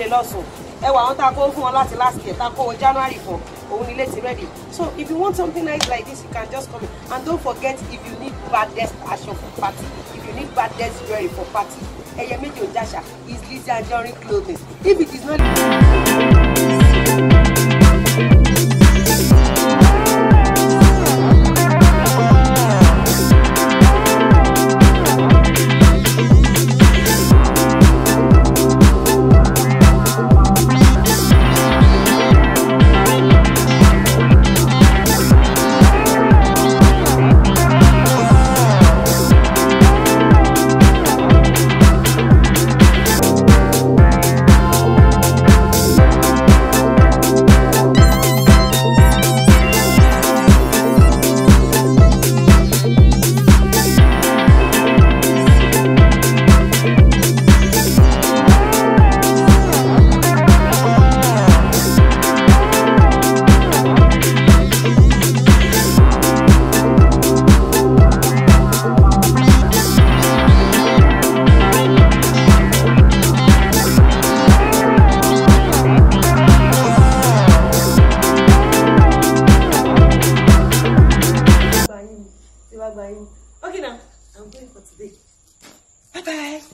lè lọ ẹwà àwọn tá a kó fún wọn láti last year tá a kó wọn January for òun ilé ti ready so if you want something nice like this you can just come in and don't forget if you need baddest aṣọ for party if you need baddest jewelry for party ẹyẹ méjì òjàṣà is and Anjorin clothing if it is not. Okay, now I'm going for today. Bye bye.